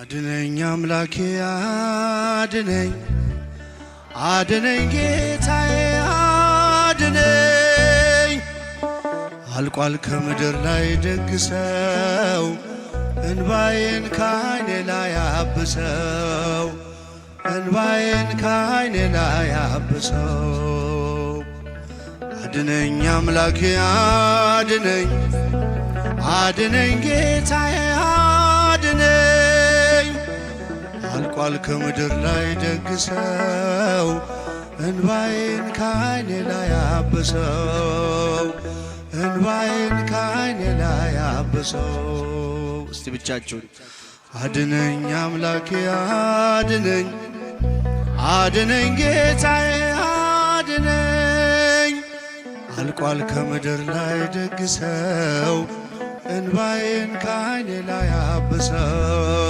አድነኝ አምላኬ አድነኝ አድነኝ ጌታዬ አድነኝ። አልቋል ከምድር ላይ ደግሰው እንባዬን ካይኔ ላይ አብሰው እንባዬን ካይኔ ላይ አብሰው። አድነኝ አምላኬ አድነኝ አድነኝ ጌታዬ አልቋል ከምድር ላይ ደግሰው እንባይን ከዓይኔ ላይ አበሰው እንባይን ከዓይኔ ላይ አበሰው። እስቲ ብቻችሁን አድነኝ አምላኬ አድነኝ አድነኝ ጌታዬ አድነኝ አልቋል ከምድር ላይ ደግሰው እንባይን ከዓይኔ ላይ አበሰው